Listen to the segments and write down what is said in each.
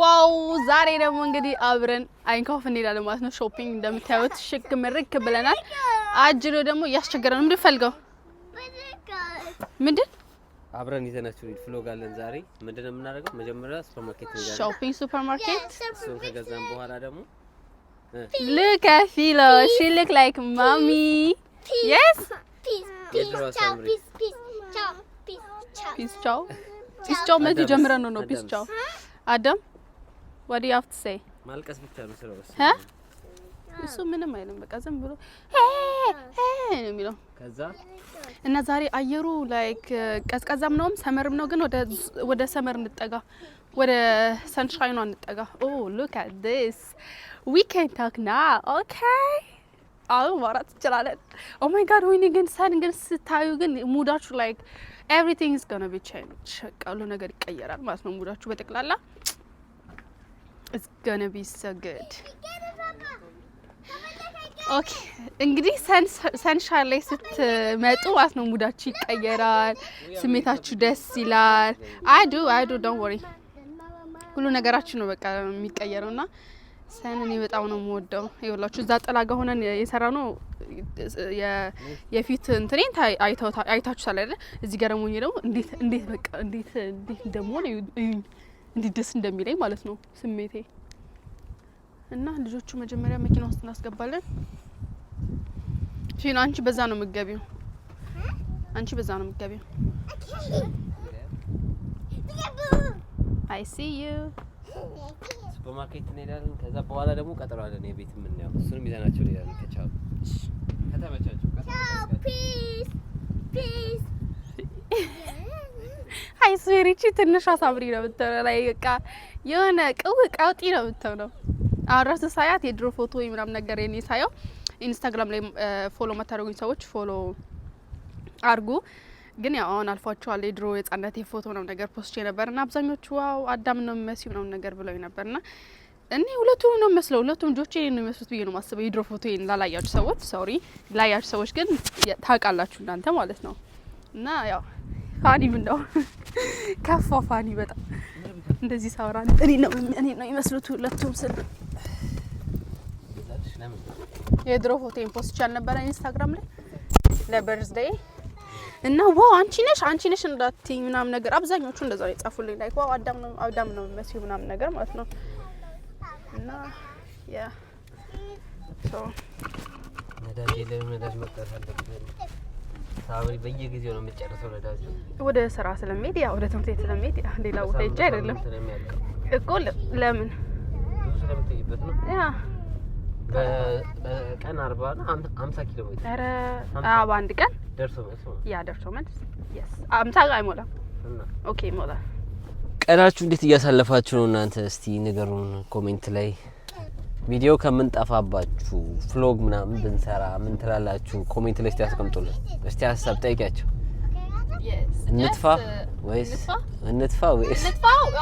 ዋው ዛሬ ደግሞ እንግዲህ አብረን አይንካፍ እንሄዳለን ማለት ነው። ሾፒንግ እንደምታዩት ሽክ ምርክ ብለናል። አጅሮ ደግሞ እያስቸገረ ነው። ምንድን ፈልገው ምንድን አብረን ይዘናችሁ አለን። ዛሬ ምንድን ነው የምናደርገው? መጀመሪያ ሱፐርማርኬት ሾፒንግ ሱፐርማርኬት። እሱን ከገዛን በኋላ ደግሞ ልክ ፊሎ ሺ ልክ ላይክ ማሚ የስ ፒስ ቻው ፒስ ቻው መቼ ጀምረን ነው ነው ፒስ ቻው አደም What do you have to say? ማልቀስ ብቻ ነው ስራው። እ እሱ ምንም አይልም። በቃ ዝም ብሎ ነው የሚለው። ከዛ እና ዛሬ አየሩ ላይክ ቀዝቀዛም ነውም ሰመርም ነው፣ ግን ወደ ወደ ሰመር እንጠጋ፣ ወደ ሰንሻይኗ እንጠጋ። ኦ ሉክ አት ዲስ ዊ ካን ታክ ና ኦኬ። አሁን ማውራት እንችላለን። ኦ ማይ ጋድ ወይኔ! ግን ሰን ግን ስታዩ ግን ሙዳችሁ ላይክ ኤቭሪቲንግ ኢዝ ጎና ቢ ቼንጅ፣ ሁሉ ነገር ይቀየራል ማለት ነው ሙዳችሁ በጠቅላላ እንግዲህ ሰንሻር ላይ ስትመጡ ማለት ነው ሙዳችሁ ይቀየራል፣ ስሜታችሁ ደስ ይላል። አዱ አዱ ዶንት ወሪ ሁሉ ነገራችሁ ነው በቃ የሚቀየረው ሰን እኔ በጣም ነው የምወደው። ይኸውላችሁ እዛ ጥላ ሆነን የሰራ ነው የፊት እንትኔን እዚህ ጋር ደግሞ እንዴት እንዴት በቃ እንዴት እንዴት እዩኝ እንዴት ደስ እንደሚለኝ ማለት ነው ስሜቴ። እና ልጆቹ መጀመሪያ መኪና ውስጥ እናስገባለን። ፊና አንቺ በዛ ነው የምትገቢው፣ አንቺ በዛ ነው የምትገቢው። አይ ሲ ዩ ሱፐርማርኬት እንሄዳለን። ከዛ በኋላ ደግሞ ቀጠሮ አለን የቤት የምናየው እሱንም ይዘናቸው እንሄዳለን። ከቻሉ ከተመቻቸው ፒስ ፒስ አይስሪቺ ትንሿ ሳምሪ ነው የምትሆነው። ላይ በቃ የሆነ ቅው ቀውጢ ነው የምትሆነው። አሁን ራሱ ሳያት የድሮ ፎቶ ምናምን ነገር የኔ ሳየው ኢንስታግራም ላይ ፎሎ መታደረጉኝ ሰዎች ፎሎ አርጉ። ግን ያው አሁን አልፏቸዋል። የድሮ የጻነት የፎቶ ነው ነገር ፖስቼ ነበር እና አብዛኞቹ ዋው አዳም ነው የሚመስለው ነው ነገር ብለው ነበር ና እኔ ሁለቱም ነው መስለው ሁለቱም ልጆቼ ነው የሚመስሉት ብዬ ነው ማስበው። የድሮ ፎቶ ላላያችሁ ሰዎች ሶሪ፣ ላያችሁ ሰዎች ግን ታውቃላችሁ እናንተ ማለት ነው እና ያው ፋኒም እንደው ከፋ ፋኒ በጣም እንደዚህ ሳውራ እኔ ነው እኔ ነው ይመስሉት ሁለቱም ስል የድሮ ፎቶን ፖስት ነበር ኢንስታግራም ላይ ለበርዝዴይ እና ዋው አንቺ ነሽ አንቺ ነሽ እንዳትዪ ምናምን ነገር አብዛኞቹ እንደዛ ነው የጻፉልኝ። ላይክ ዋው አዳም ነው አዳም ነው መስዩ ምናምን ነገር ማለት ነው። እና ያ ሶ ነዳጅ ለምን ነዳጅ መጣ መጣታለች ሳብሪ በየጊዜው ነው የምትጨርሰው። ለዳጅ ወደ ስራ ስለሚሄድ ያ ወደ ትምህርት ቤት ስለሚሄድ ሌላ ቦታ ሂጅ አይደለም እኮ ለምን ስለምትይበት ነው በቀን አርባ እና ሀምሳ ኪሎ ሜትር በአንድ ቀን ደርሶ መልስ ያ ደርሶ መልስ አይሞላም። ኦኬ ይሞላል። ቀናችሁ እንዴት እያሳለፋችሁ ነው እናንተ? እስቲ ንገሩን ኮሜንት ላይ ቪዲዮ ከምንጠፋባችሁ ፍሎግ ምናምን ብንሰራ ምን ትላላችሁ? ኮሜንት ላይ እስቲ ያስቀምጡልን። እስቲ ሀሳብ ጠይቂያቸው። እንትፋ uh, ወይስ እንትፋ ወይስ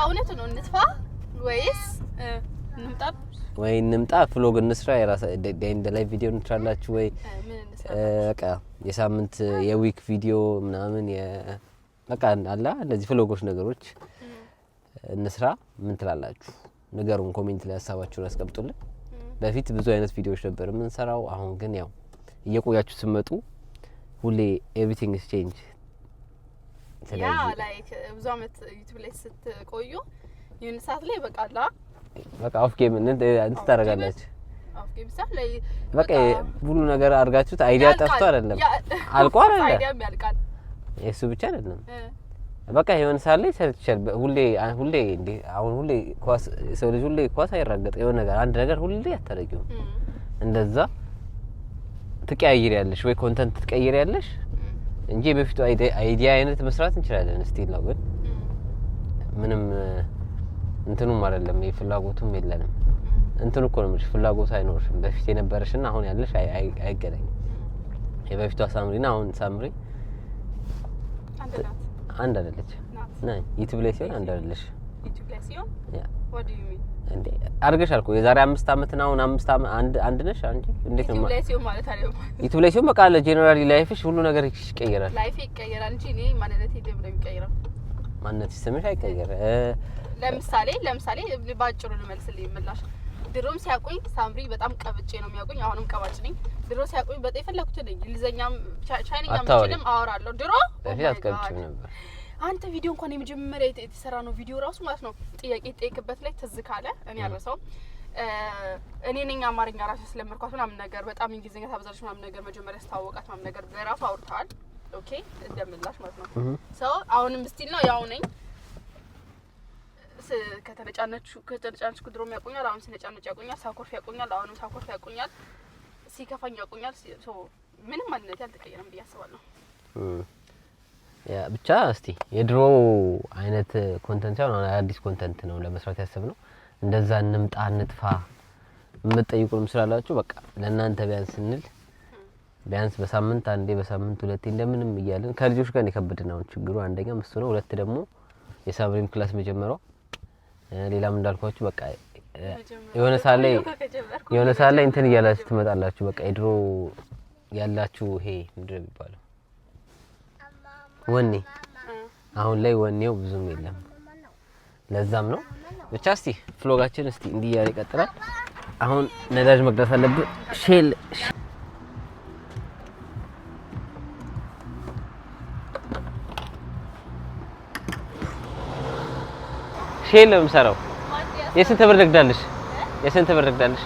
እውነት ነው እንትፋ ወይስ uh, እንምጣ ወይ እንምጣ ፍሎግ እንስራ የራሳ እንደ ላይ ቪዲዮ እንትላላችሁ ወይ uh, በቃ የሳምንት የዊክ ቪዲዮ ምናምን በቃ አለ እነዚህ ፍሎጎች ነገሮች እንስራ ምን ትላላችሁ? ንገሩን። ኮሜንት ላይ ሀሳባችሁን ያስቀምጡልን። በፊት ብዙ አይነት ቪዲዮዎች ነበር የምንሰራው። አሁን ግን ያው እየቆያችሁ ስትመጡ ሁሌ ኤቭሪቲንግ ስ ቼንጅ። ስለዚህ ላይክ ብዙ አመት ዩቲዩብ ላይ ስትቆዩ የሆነ ሰዓት ላይ በቃ ላ በቃ ኦፍ ጌም እንትን ታደርጋላችሁ። በቃ ሁሉ ነገር አድርጋችሁት አይዲያ ጠፍቶ አይደለም፣ አልቆ አይደለም። የእሱ ብቻ አይደለም በቃ የሆነ ሰዓት ላይ ይሰለችሻል። ሁሌ ሁሌ እንዴ አሁን ሁሌ ኳስ ሰው ልጅ ሁሌ ኳስ አይራገጥ የሆነ ነገር አንድ ነገር ሁሌ አታደርጊውም። እንደዛ ትቀያይር ያለሽ ወይ ኮንተንት ትቀይር ያለሽ እንጂ በፊቱ አይዲያ አይነት መስራት እንችላለን። ስቲል ነው ግን ምንም እንትኑም አይደለም ፍላጎቱም የለንም። እንትን እኮ ነው የምልሽ ፍላጎት አይኖርሽም። በፊት የነበረሽና አሁን ያለሽ አይገናኝም። የበፊቷ ሳምሪና አሁን ሳምሪ አንድ አይደለች። ዩቲዩብ ላይ ሲሆን አንድ አይደለሽ እንዴ አድርገሻል እኮ የዛሬ አምስት አመት አመትና አሁን አምስት አመት አንድ አንድ ነሽ። አንቺ እንዴት ነው ማለት ዩቲዩብ ላይ ሲሆን በቃ ለጄኔራሊ ላይፍሽ ሁሉ ነገር ይቀየራል። ላይፍ ይቀየራል እንጂ እኔ ማንነቴ ደም ነው የሚቀየረው። ማንነትሽ ስምሽ አይቀየር። ለምሳሌ ለምሳሌ ባጭሩ ልመልስልኝ ምላሽ ድሮም ሲያቆኝ ሳምሪ በጣም ቀብጬ ነው የሚያቆኝ። አሁንም ቀባጭ ነኝ። ድሮ ሲያቆኝ በጣም የፈለኩት ነኝ። እንግሊዘኛም ቻይንኛ ምችልም አወራለሁ። ድሮ oh አትቀብጭም ነበር። አንተ ቪዲዮ እንኳን የመጀመሪያ የተሰራ ነው ቪዲዮ ራሱ ማለት ነው። ጥያቄ ጠይቅበት ላይ ትዝ ካለ እኔ ያረሰው እኔ ነኝ አማርኛ ራሱ ያስለመድኳት ምናምን ነገር፣ በጣም እንግሊዝኛ ታበዛለች ምናምን ነገር፣ መጀመሪያ ስታወቃት ምናምን ነገር በራሱ አውርተዋል። ኦኬ እንደምላሽ ማለት ነው ሰው አሁንም ስቲል ነው ያው ነኝ ቢያንስ ከተነጫነችኩ ድሮም ያቆኛል። አሁን ስነጫነጭ ያቆኛል። ሳኮርፍ ያቆኛል። አሁንም ሳኮርፍ ያቆኛል። ሲከፋኝ ያቆኛል። ምንም ማንነት አልተቀየረም ብዬ አስባለሁ። ብቻ እስቲ የድሮ አይነት ኮንተንት ሳይሆን አዲስ ኮንተንት ነው ለመስራት ያሰብ ነው። እንደዛ እንምጣ እንጥፋ የምትጠይቁንም ስላላችሁ በቃ ለእናንተ ቢያንስ ስንል ቢያንስ በሳምንት አንዴ በሳምንት ሁለቴ እንደምንም እያለን ከልጆች ጋር የከበድን አሁን ችግሩ አንደኛም እሱ ነው። ሁለት ደግሞ የሳብሪም ክላስ መጀመሯ ሌላም እንዳልኳችሁ በቃ የሆነ ሰዓት ላይ የሆነ ሰዓት ላይ እንትን እያላችሁ ትመጣላችሁ። በቃ የድሮ ያላችሁ ይሄ ምንድነው የሚባለው ወኔ አሁን ላይ ወኔው ብዙም የለም። ለዛም ነው ብቻ እስቲ ፍሎጋችን እስቲ እንዲህ እያለ ይቀጥላል። አሁን ነዳጅ መቅዳት አለብን። ሼል ሼል ነው የምሰራው። የስንት ብር ንግዳለሽ? የስንት ብር ንግዳለሽ?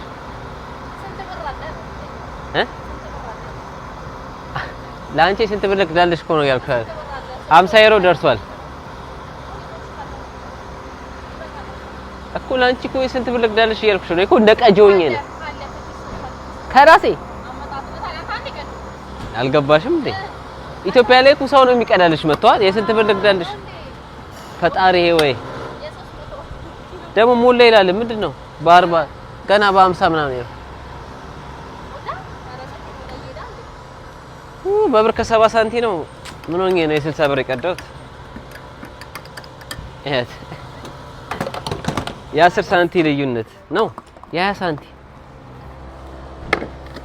ለአንቺ የስንት ብር ንግዳለሽ እኮ ነው ያልኩት። ሀምሳ ዩሮ ደርሷል እኮ ለአንቺ እኮ የስንት ብር ንግዳለሽ እያልኩሽ ነው እኮ እንደ ቀጆኝ ነው ከራሴ አልገባሽም እንዴ? ኢትዮጵያ ላይ እኮ ሰው ነው የሚቀዳልሽ መጥቷል። የስንት ብር ንግዳለሽ? ፈጣሪ ወይ ደግሞ ሞላ ይላል። ምንድን ነው በአርባ ገና በአምሳ ምናምን ነው። በብር ከሰባ ሳንቲ ነው። ምን ሆኜ ነው የስልሳ ብር የቀዳሁት? እህት የአስር ሳንቲ ልዩነት ነው የሀያ ሳንቲ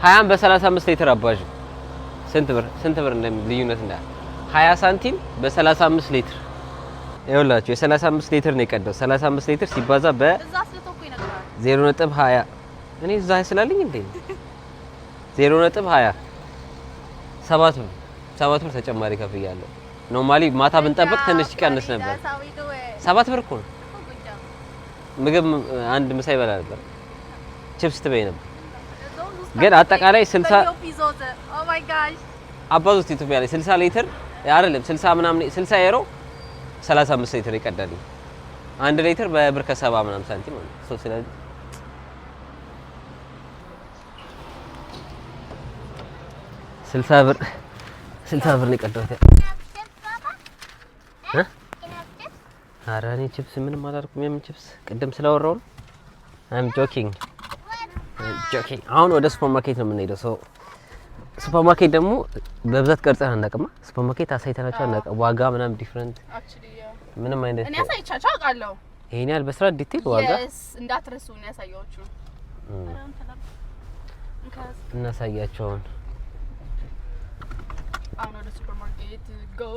ሀያን በሰላሳ አምስት ሊትር አባዥ ስንት ብር ስንት ብር ልዩነት እንዳለ ሀያ ሳንቲም በሰላሳ አምስት ሊትር ይኸውላችሁ የ35 ሊትር ነው የቀደው። 35 ሊትር ሲባዛ በ 0.20 እኔ እዛ ስላለኝ እንዴ 0.20 ሰባት ብር ሰባት ብር ተጨማሪ ከፍያለሁ። ኖርማሊ ማታ ብንጠብቅ ትንሽ ይቀንስ ነበር። ሰባት ብር እኮ ነው። ምግብ አንድ ምሳ ይበላ ነበር፣ ቺፕስ ትበይ ነበር። ግን አጠቃላይ 60 አባዙት ኢትዮጵያ ላይ 60 ሊትር አይደለም 60 ምናምን 60 ዩሮ 35 ሊትር ይቀዳል። አንድ ሊትር በብር ከሰባ ምናምን ሳንቲም ማለት ነው። ስለዚህ ስልሳ ብር ስልሳ ብር ነው የቀዳሁት። ኧረ እኔ ችፕስ ምንም አላልኩም። የምን ችፕስ ቅድም ስላወራሁ ነው። አይ አም ጆኪንግ ጆኪንግ። አሁን ወደ ሱፐር ማርኬት ነው የምንሄደው። ሱፐርማርኬት ደግሞ በብዛት ቀርጸን አናውቅማ። ሱፐርማርኬት አሳይተናቸው አናውቅም። ዋጋ ምናምን ዲፍረንት ምንም አይነት እኔ አሳይቻቸው አውቃለሁ። ይሄን ያህል በስራ ዲቴል ዋጋ እንዳትረሱ ነው ያሳያችሁ እናሳያቸውን። አሁን ወደ ሱፐርማርኬት ጎ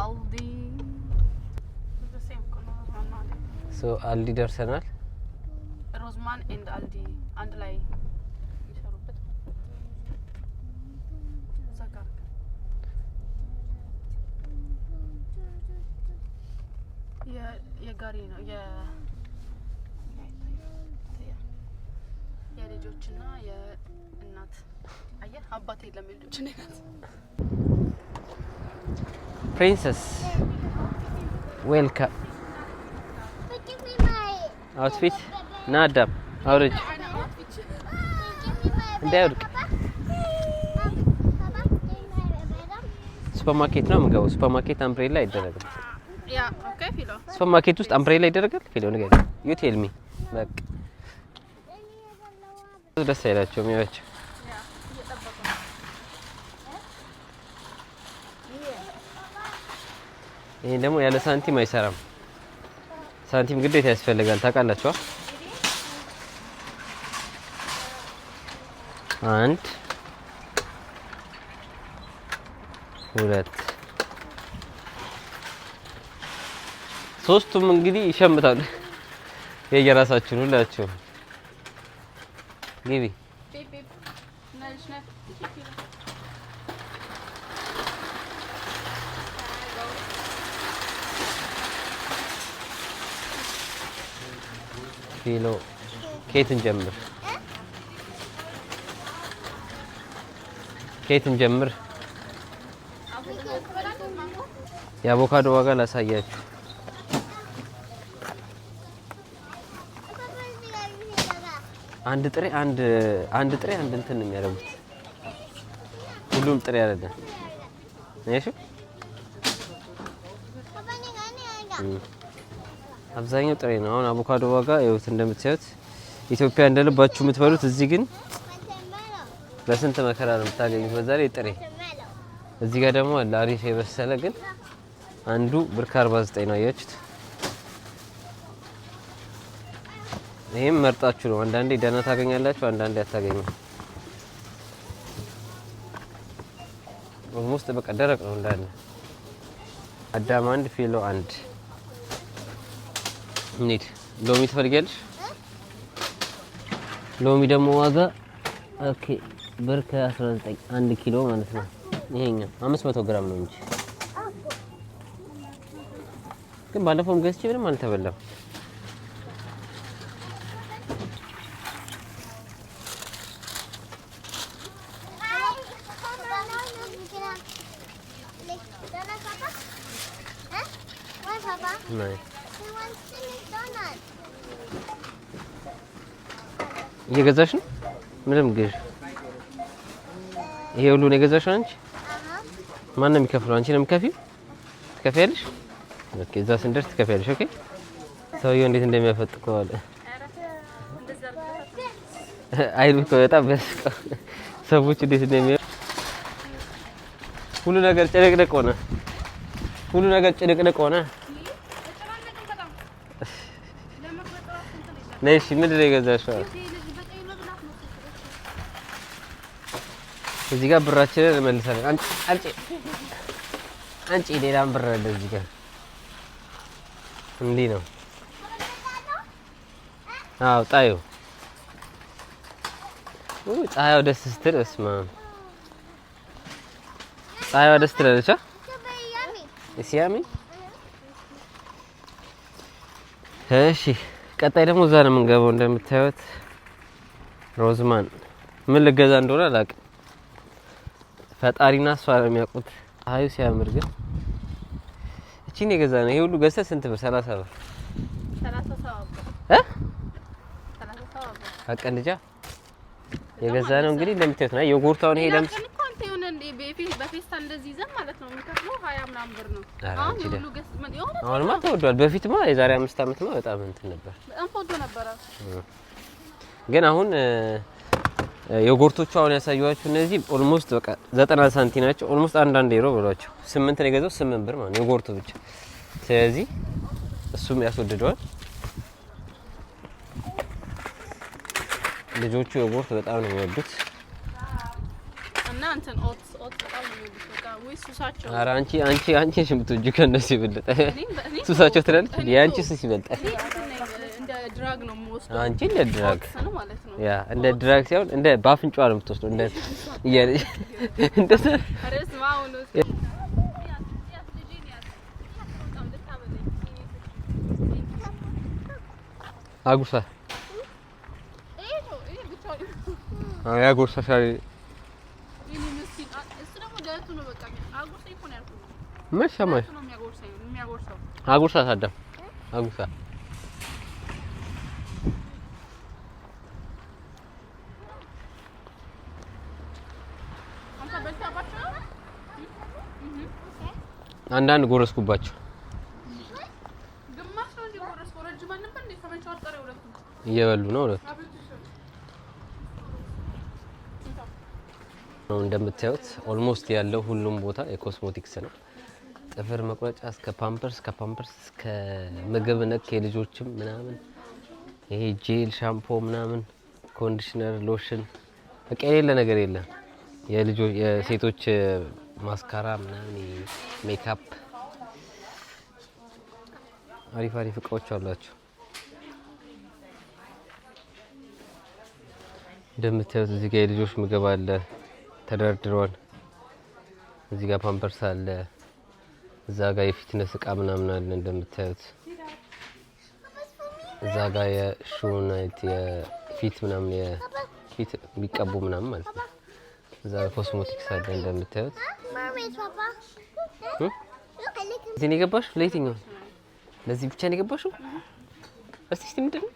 አልዲ አልዲ ደርሰናል። ሮዝማን ኤንድ አልዲ አንድ ላይ የጋሪ ነው የልጆችና የእናት አየህ አባት የለም የልጆች ናት። ፕሪንሰስ ዌልካም አውትፊት ና አዳም አውርጅ እንዳይወድቅ። ሱፐርማርኬት ነው የምገባው። ሱፐርማርኬት አምብሬላ አይደረግም። ሱፐርማርኬት ውስጥ አምብሬላ ይደረጋል። ፊሎ ንገ ዩ ቴል ሚ በቃ ደስ አይላቸውም ያቸው ይሄ ደግሞ ያለ ሳንቲም አይሰራም። ሳንቲም ግዴታ ያስፈልጋል። ታውቃላችሁ። አንድ ሁለት ሶስቱም እንግዲህ ይሸምታሉ። የየራሳችሁን ሁላችሁም ግቢ ኪሎ ኬት እንጀምር ኬት እንጀምር። የአቮካዶ ዋጋ ላሳያችሁ። አንድ ጥሬ አንድ አንድ ጥሬ አንድ እንትን ነው የሚያደርጉት። ሁሉም ጥሬ አይደለም። እሺ አብዛኛው ጥሬ ነው። አሁን አቮካዶ ዋጋ ይኸውት እንደምታዩት ኢትዮጵያ እንደልባችሁ የምትበሉት፣ እዚህ ግን በስንት መከራ ነው የምታገኙት። በዛ ላይ ጥሬ። እዚህ ጋር ደግሞ አለ አሪፍ የበሰለ ግን አንዱ ብር ከ49 ነው። አያችሁት? ይህም መርጣችሁ ነው። አንዳንዴ ደህና ታገኛላችሁ፣ አንዳንዴ አታገኙ። ውስጥ በቃ ደረቅ ነው እንዳለ አዳም አንድ ፊሎ አንድ እንሂድ። ሎሚ ትፈልጊያለሽ? ሎሚ ደግሞ ዋጋ ኦኬ፣ ብር ከ19 1 ኪሎ ማለት ነው። ይሄኛው 500 ግራም ነው እንጂ ግን ባለፈውም ገዝቼ ምንም አልተበላም። ነው እየገዛሽ ነው? ምንም ግዥ። ይሄ ሁሉ ነው የገዛሽው አንቺ? ማን ነው የሚከፍለው? አንቺ ነው የምትከፊው? ትከፊያለሽ? ኦኬ፣ እዛ ስንደርስ ትከፊያለሽ። ኦኬ። ሰውየው እንዴት እንደሚያፈጥቀው አለ። አይሉ እኮ በጣም ያስቀው። ሰዎች እንዴት እንደሚያ ሁሉ ነገር ጭንቅንቅ ሆነ። ሁሉ ነገር ጭንቅንቅ ሆነ። ነሽ ምንድን ነው የገዛሽው? እዚህ ጋር ብራችንን እንመልሳለን። አንጪ አንጪ፣ ሌላም ብር አለ እዚህ ጋር። እንዲህ ነው። አዎ ጣዩ ፀሐያው ደስ ስትል እስማ ፀሐያዋ ደስ ትላለች። ሲያሚ እሺ፣ ቀጣይ ደግሞ እዛ ነው የምንገባው። እንደምታዩት ሮዝማን ምን ልገዛ እንደሆነ አላውቅም። ፈጣሪና እሷ ነው የሚያውቁት። አዩ ሲያምር ግን እቺን የገዛ ነው። ይሄ ሁሉ ገዝተህ ስንት ብር? 30 ብር እ የገዛ ነው እንግዲህ እንደምታዩት ነው። የጉርታውን ይሄ ለምስ አሁንማ ተወዷል። በፊትማ የዛሬ አምስት ዓመትማ በጣም እንትን ነበር፣ ግን አሁን የጎርቶቹ አሁን ያሳየኋችሁ እነዚህ ኦልሞስት በቃ 90 ሳንቲ ናቸው። ኦልሞስት አንድ አንድ ዩሮ ብሏቸው ስምንት ነው የገዛው ስምንት ብር ማለት ነው የጎርቱ ብቻ። ስለዚህ እሱም ያስወድደዋል። ልጆቹ የጎርት በጣም ነው የሚወዱት ኧረ አንቺ አንቺ አንቺ ሽምቱ እጅ ከነሱ ይበልጣል። ሱሳቸው ትላለች። የአንቺ ሱስ ይበልጣል። ድራግ ነው የምወስደው። አንቺ እንደ ድራግ ነው። ያ እንደ ድራግ ሳይሆን እንደ ባፍንጫ ነው የምትወስደው። እንደ እንደ አጉርሳ ያጎርሳሻል። ምን ሰማሽ? አጉርሳ ሳዳም አጉርሳ አንዳንድ ጎረስኩባቸው። እየበሉ ነው ሁለቱ ነው እንደምታዩት። ኦልሞስት ያለው ሁሉም ቦታ የኮስሞቲክስ ነው። ጥፍር መቁረጫ እስከ ፓምፐርስ ከፓምፐርስ እስከ ምግብ ነክ የልጆችም ምናምን ይሄ ጄል ሻምፖ ምናምን ኮንዲሽነር ሎሽን በቃ የሌለ ነገር የለም። የሴቶች ማስካራ ምናምን ሜካፕ አሪፍ አሪፍ እቃዎች አሏቸው። እንደምታዩት እዚህ ጋር የልጆች ምግብ አለ ተደርድሯል። እዚህ ጋር ፓምፐርስ አለ። እዛ ጋር የፊትነስ እቃ ምናምን አለ እንደምታዩት። እዛ ጋር የሹናይት የፊት ምናምን የፊት የሚቀቡ ምናምን ማለት ነው። እዛ ኮስሞቲክስ አለ እንደምታዩት እዚህ ነው የገባሽው? ለየትኛው? ለዚህ ብቻ ነው የገባሽው? እስቲ እስቲ ምንድን ነው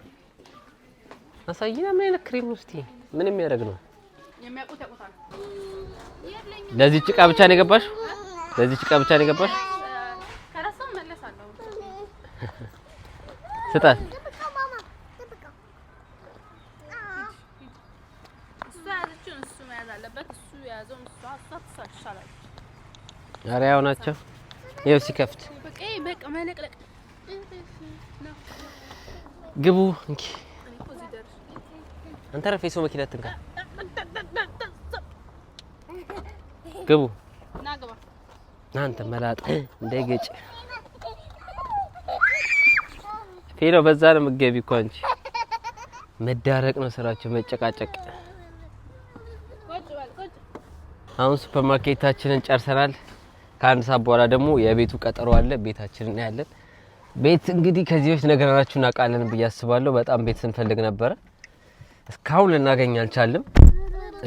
አሳይና፣ ምን አይነት ክሬም ነው? እስቲ ምን የሚያደርግ ነው? ለዚህ ጭቃ ብቻ ነው የገባሽው? ለዚህ ጭቃ ብቻ ነው የገባሽው? ስጣት ኧረ ያው ናቸው። ይኸው ሲከፍት ግቡ። እንኪ አንተ ረፍ የሰው መኪና ትንካ። ግቡ እናንተ መላጥ እንዳይገጭ ፌሎ በዛ ነው የምትገቢ እኮ አንቺ። መዳረቅ ነው ስራቸው፣ መጨቃጨቅ። አሁን ሱፐርማርኬታችንን ጨርሰናል። ከአንድ ሰዓት በኋላ ደግሞ የቤቱ ቀጠሮ አለ። ቤታችን እናያለን። ቤት እንግዲህ ከዚህ በፊት ነገራችሁ እናውቃለን ብዬ አስባለሁ። በጣም ቤት ስንፈልግ ነበረ፣ እስካሁን ልናገኝ አልቻልም።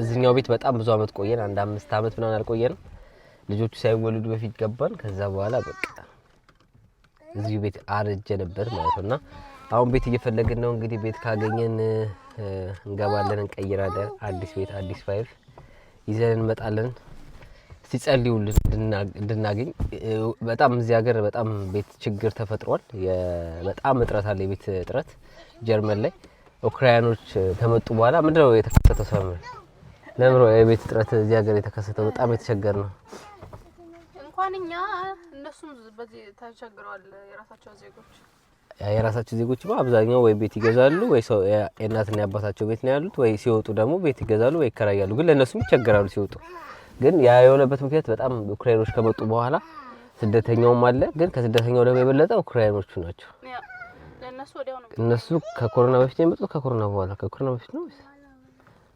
እዚህኛው ቤት በጣም ብዙ አመት ቆየን፣ አንድ አምስት አመት ምናምን አልቆየንም። ልጆቹ ሳይወልዱ በፊት ገባን። ከዛ በኋላ በቃ እዚሁ ቤት አረጀንበት ነበር ማለት ነውና አሁን ቤት እየፈለግን ነው። እንግዲህ ቤት ካገኘን እንገባለን፣ እንቀይራለን። አዲስ ቤት አዲስ ፋይፍ ይዘን እንመጣለን። ሲጸልዩልን እንድናገኝ በጣም እዚህ ሀገር በጣም ቤት ችግር ተፈጥሯል። በጣም እጥረት አለ፣ የቤት እጥረት ጀርመን ላይ ኡክራያኖች ከመጡ በኋላ ምንድን ነው የተከሰተው? ሰም ለምሮ የቤት እጥረት እዚህ ሀገር የተከሰተው በጣም የተቸገር ነው። እንኳን እኛ እነሱም በዚህ ተቸግረዋል። የራሳቸው ዜጎች የራሳቸው ዜጎች አብዛኛው ወይ ቤት ይገዛሉ ወይ ሰው የእናትና የአባታቸው ቤት ነው ያሉት፣ ወይ ሲወጡ ደግሞ ቤት ይገዛሉ ወይ ይከራያሉ። ግን ለእነሱም ይቸገራሉ ሲወጡ ግን ያ የሆነበት ምክንያት በጣም ዩክሬኖች ከመጡ በኋላ ስደተኛውም አለ፣ ግን ከስደተኛው ደግሞ የበለጠ ዩክሬኖቹ ናቸው። እነሱ ከኮሮና በፊት የመጡት ከኮሮና በኋላ ከኮሮና በፊት ነው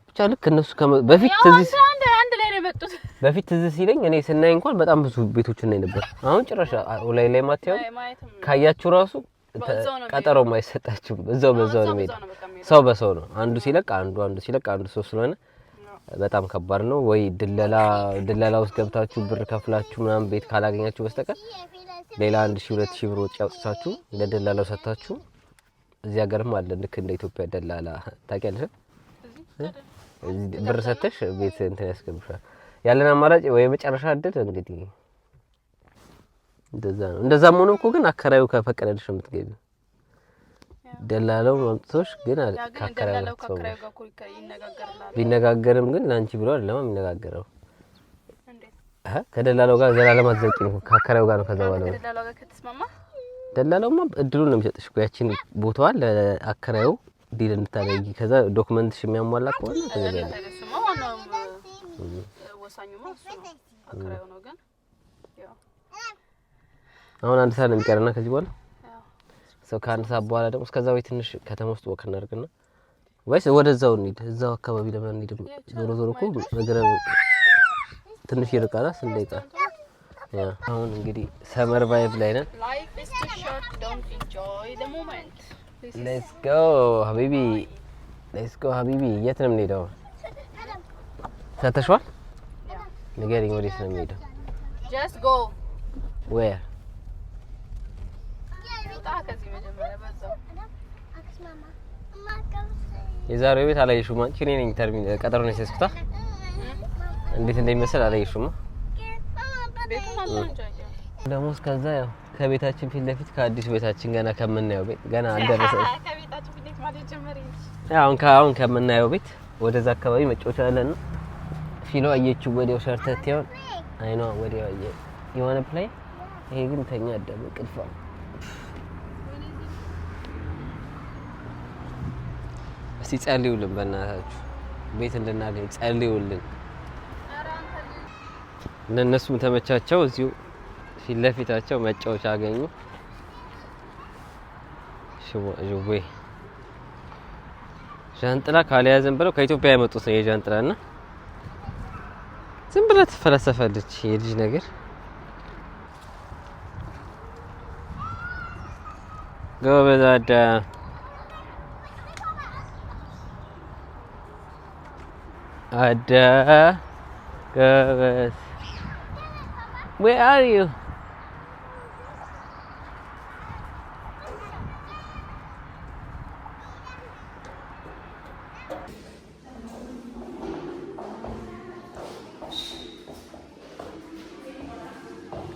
ብቻ ልክ እነሱ በፊት ትዝ በፊት ትዝ ሲለኝ እኔ ስናይ እንኳን በጣም ብዙ ቤቶች እናይ ነበር። አሁን ጭራሽ ላይ ላይ ማታየው ካያችሁ ራሱ ቀጠሮ አይሰጣችሁም። እዛው በዛው ነው ሜዳ ሰው በሰው ነው። አንዱ ሲለቅ አንዱ አንዱ ሲለቅ አንዱ ሰው ስለሆነ በጣም ከባድ ነው። ወይ ድለላ ድለላ ውስጥ ገብታችሁ ብር ከፍላችሁ ምናምን ቤት ካላገኛችሁ በስተቀር ሌላ አንድ ሺ ሁለት ሺ ብር ወጪ አውጥታችሁ ለደላላው ሰጥታችሁ እዚህ ሀገርም አለ ልክ እንደ ኢትዮጵያ ደላላ ታውቂያለሽ። ብር ሰተሽ ቤት እንትን ያስገብሻል። ያለን አማራጭ ወይ መጨረሻ እድል እንግዲህ እንደዛ ነው። እንደዛም ሆኖ እኮ ግን አከራዩ ከፈቀደልሽ የምትገቢው ደላለው አምጥቶሽ ግን ቢነጋገርም ግን ለአንቺ ብሎ አይደለም የሚነጋገረው። ከደላለው ጋር ዘላለም አትዘቂ ነው፣ ከአከራዩ ጋር ነው። ከዛ በኋላ ደላለውማ እድሉን ነው የሚሰጥሽ። ያችን ቦታዋን ለአከራዩ ዲል እንድታደርጊ ከዛ ዶክመንትሽ የሚያሟላ ከሆነ አሁን አንድ ሰዓት ነው የሚቀርና ከዚህ በኋላ ከአንድ ሰዓት በኋላ ደግሞ እስከዛ ወይ ትንሽ ከተማ ውስጥ ወክ እናድርግና ወይስ ወደዛው እንሂድ፣ እዛው አካባቢ ለምን አንሂድም? ዞሮ ዞሮ እኮ እግረ ትንሽ ይርቃላ። ስንደይቃል አሁን እንግዲህ ሰመር ቫይብ ላይ ነን። ሌትስ ጎ ሀቢቢ፣ ሌትስ ጎ ሀቢቢ። የት ነው የምንሄደው? ሰተሽዋል? ንገሪኝ፣ ወዴት ነው የምንሄደው? ጀስት ጎ ዌር የዛሬው ቤት አላየሽውም አንቺ። እኔ ነኝ ተርሚን ቀጠሮ ነው የሰስኩታ። እንዴት እንደሚመስል አላየሽውም። ደግሞ እስከዛ ያው ከቤታችን ፊት ለፊት ከአዲስ ቤታችን ገና ከምናየው ቤት ገና አልደረሰ አሁን አሁን ከምናየው ቤት ወደዛ አካባቢ መጫወቻ አለና ፊሎ አየችው ወዲያው ሸርተት ይሆን አይኗ ወዲያው አየ የሆነ ፕላይ ይሄ ግን ተኛ አደበ ቅልፋ እስቲ ጸልዩልን፣ በእናታችሁ ቤት እንድናገኝ ጸልዩልን። እነሱም ተመቻቸው። እዚሁ ፊት ለፊታቸው መጫወቻ አገኙ። ሽቦ ዣንጥላ ካልያዘን ብለው ከኢትዮጵያ የመጡት ነው የዣንጥላ እና ዝም ብላ ትፈላሰፋለች የልጅ ነገር። ጎበዝ አዳም Ada Goes. Where are you?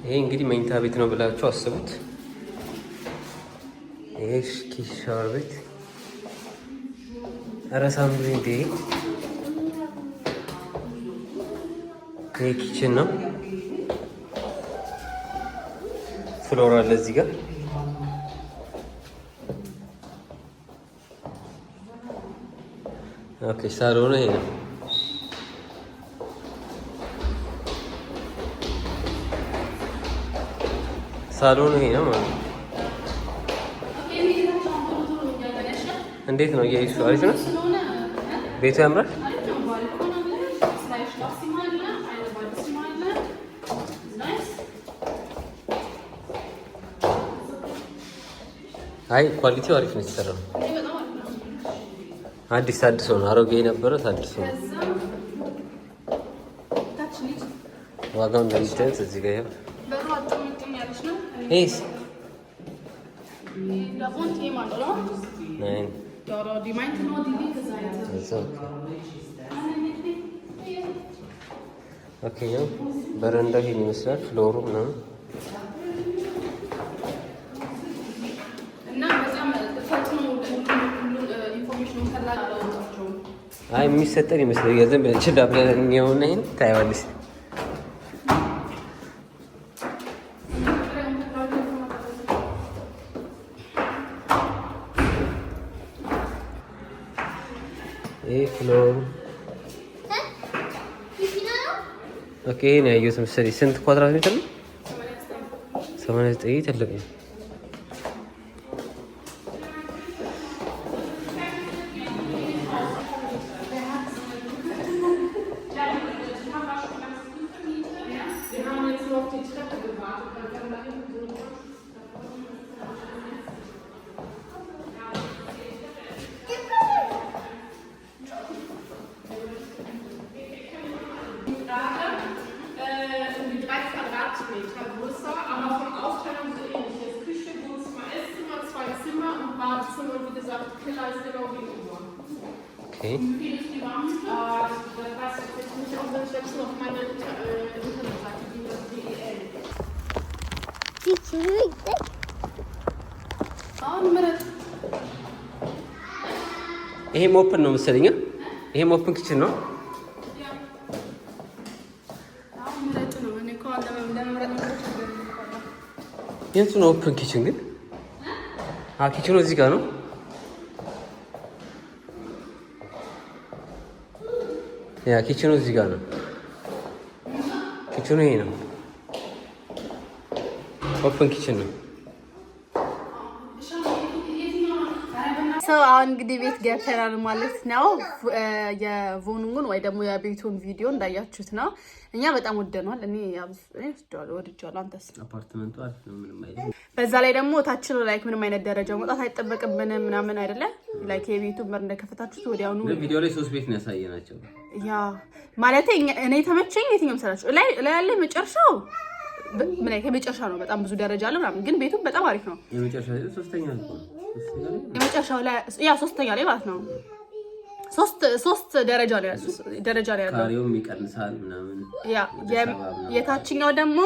ይሄ እንግዲህ መኝታ ቤት ነው ብላችሁ አስቡት። ይሄ ኪሽ ሻወር ቤት አረሳም እንዴ ይህ ኪችን ነው። ፍሎር አለ እዚህ ጋር ኦኬ። ሳሎኑ ይሄ ነው። ሳሎኑ ይሄ ነው ማለት ነው። እንዴት ነው? አሪፍ ነው ቤቱ ያምራል። አይ ኳሊቲው አሪፍ ነው የተሰራው። አዲስ አዲስ ነው፣ አሮጌ የነበረ ታድሶ ነው። ዋጋው እንደሚታዩት እዚህ ጋር ይኸው ይሄስ ኦኬ፣ ያው በረንዳው ይመስላል ፍሎሩ ምናምን አይ የሚሰጠን ይመስለኛል። ዝም ብለን ችላ ብለን የሆነ ይህን ታይዋለሽ። ኦኬ ነው ያየሁት መሰለኝ። ስንት ኳድራት ሜትር ነው? ሰማንያ ዘጠኝ ትልቅ ነው። ይሄም ኦፕን ነው መሰለኝ። ይሄም ኦፕን ኪችን ነው። የቱ ነው ኦፕን ኪችን ግን? ኪችኑ እዚህ ጋር ነው። ያ ኪችኑ እዚህ ጋር ነው። ኪችኑ ይሄ ነው። ኦፕን ኪችን ነው። ሰው አሁን እንግዲህ ቤት ገብተናል ማለት ነው። የቮኑን ወይ ደግሞ የቤቱን ቪዲዮ እንዳያችሁት ነው። እኛ በጣም ወደነዋል። እኔ ወድጀዋለሁ። አንተስ? በዛ ላይ ደግሞ ታችን ላይክ ምንም አይነት ደረጃ መውጣት አይጠበቅብንም ምናምን አይደለም። ላይክ የቤቱ በር እንደከፈታችሁት ወዲያውኑ ቪዲዮ ላይ ሶስት ቤት ነው ያሳየናቸው። ያ ማለት እኔ ተመቸኝ። የትኛውም ሰራችሁ ላይ ያለ መጨረሻው ምን አይነት የመጨረሻ ነው። በጣም ብዙ ደረጃ አለ ምናምን፣ ግን ቤቱም በጣም አሪፍ ነው። የመጨረሻው ላይ ያ ሶስተኛ ላይ ማለት ነው። ሶስት ደረጃ ነው ያለው። ይቀንሳል ምናምን። ያ የታችኛው ደግሞ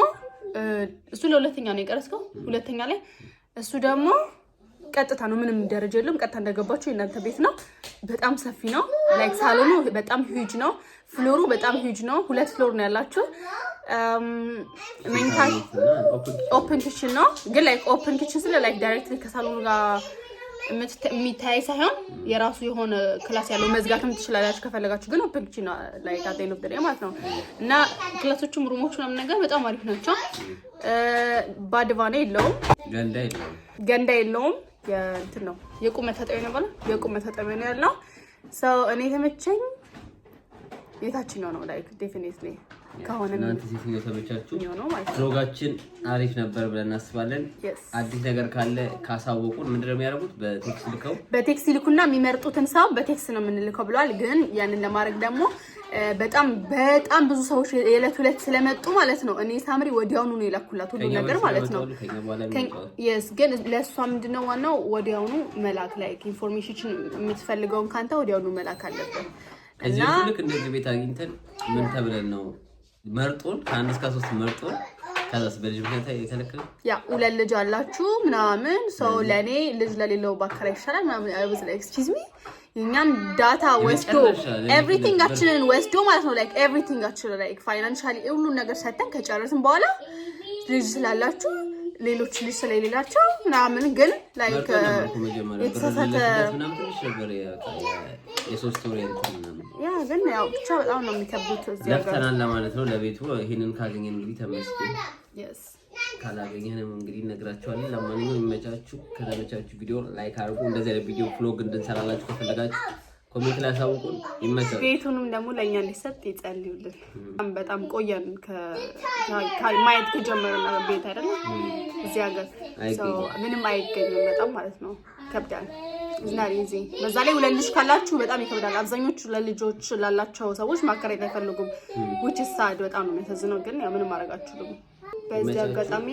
እሱ ለሁለተኛ ነው የቀረስከው። ሁለተኛ ላይ እሱ ደግሞ ቀጥታ ነው። ምንም ደረጃ የለውም። ቀጥታ እንደገባችሁ የእናንተ ቤት ነው። በጣም ሰፊ ነው። ላይክ ሳሎኑ በጣም ሂጅ ነው። ፍሎሩ በጣም ሂጅ ነው። ሁለት ፍሎር ነው ያላችሁ ኦፕን ክችን ነው ግን ላይክ ኦፕን ኪችን ስለ ላይክ ዳይሬክትሊ ከሳሎን ጋር የሚታይ ሳይሆን የራሱ የሆነ ክላስ ያለው መዝጋትም ትችላላችሁ ከፈለጋችሁ። ግን ኦፕን ኪችን ላይክ አት ኤንድ ኦፍ ዘ ዴይ ማለት ነው እና ክላሶቹም ሩሞቹ ምናምን ነገር በጣም አሪፍ ናቸው። ባድቫና የለውም፣ ገንዳ የለውም። የእንትን ነው የቁም መታጠቢያ ነው ማለት የቁም መታጠቢያ ነው ያለው። ሰው እኔ የተመቸኝ የታችኛው ነው ላይክ ዴፊኒትሊ ከሆነ እናንተ ሴት ቤተሰቦቻችሁ ሮጋችን አሪፍ ነበር ብለን እናስባለን። አዲስ ነገር ካለ ካሳወቁን ምንድነው የሚያደርጉት? በቴክስ ልከው በቴክስ ይልኩና የሚመርጡትን ሰው በቴክስ ነው የምንልከው ብለዋል። ግን ያንን ለማድረግ ደግሞ በጣም በጣም ብዙ ሰዎች የዕለት ሁለት ስለመጡ ማለት ነው። እኔ ሳምሪ ወዲያውኑ ነው የላኩላት ሁሉ ነገር ማለት ነው። የስ ግን ለእሷ ምንድነው ዋናው ወዲያውኑ መላክ ላይ ኢንፎርሜሽን የምትፈልገውን ካንተ ወዲያውኑ መላክ አለበት እዚህ ልክ እንደዚህ ቤት አግኝተን ምን ተብለን ነው መርጦን ከአንድ እስከ ሶስት መርጦን ከዛስ በልጅ ምክንያት የተለከለ ያ ሁለት ልጅ አላችሁ ምናምን ሰው ለእኔ ልጅ ለሌለው ባከራ ይሻላል ምናምን አይወዝ ላይ ኤክስኪውዝ ሚ የእኛን ዳታ ወስዶ ኤቭሪቲንጋችንን ወስዶ ማለት ነው ላይክ ኤቭሪቲንጋችንን ላይክ ፋይናንሻሊ ሁሉን ነገር ሰጥተን ከጨረስን በኋላ ልጅ ስላላችሁ ሌሎች ልጅ ስለሌላቸው ምናምን ግን ያ ግን ያው ብቻ በጣም ነው የሚከብዱት። ለፍተናል ለማለት ነው ለቤቱ ይህንን ካገኘን እንግዲህ ተመስገን። ካላገኘንም እንግዲህ እነግራቸዋለን። ለማንኛውም የሚመቻችሁ ከተመቻችሁ ቪዲዮ ላይክ አድርጉ። እንደዚህ አይነት ቪዲዮ ፍሎግ እንድንሰራላችሁ ከፈለጋችሁ ኮሜንት ላይ አሳውቁን። ይመቻል። ቤቱንም ደግሞ ለእኛ ሊሰጥ ይጸልዩልን። በጣም ቆየን ማየት ከጀመረና ቤት አይደለ እዚህ ሀገር ምንም አይገኝም። በጣም ማለት ነው ከብዳል። ዝናሪ ዚ በዛ ላይ ሁለት ልጅ ካላችሁ በጣም ይከብዳል። አብዛኞቹ ለልጆች ላላቸው ሰዎች ማከራየት አይፈልጉም። ውጭ ሳድ በጣም ነው የሚያሳዝነው። ግን ያው ምንም አረጋችሁ ደግሞ በዚህ አጋጣሚ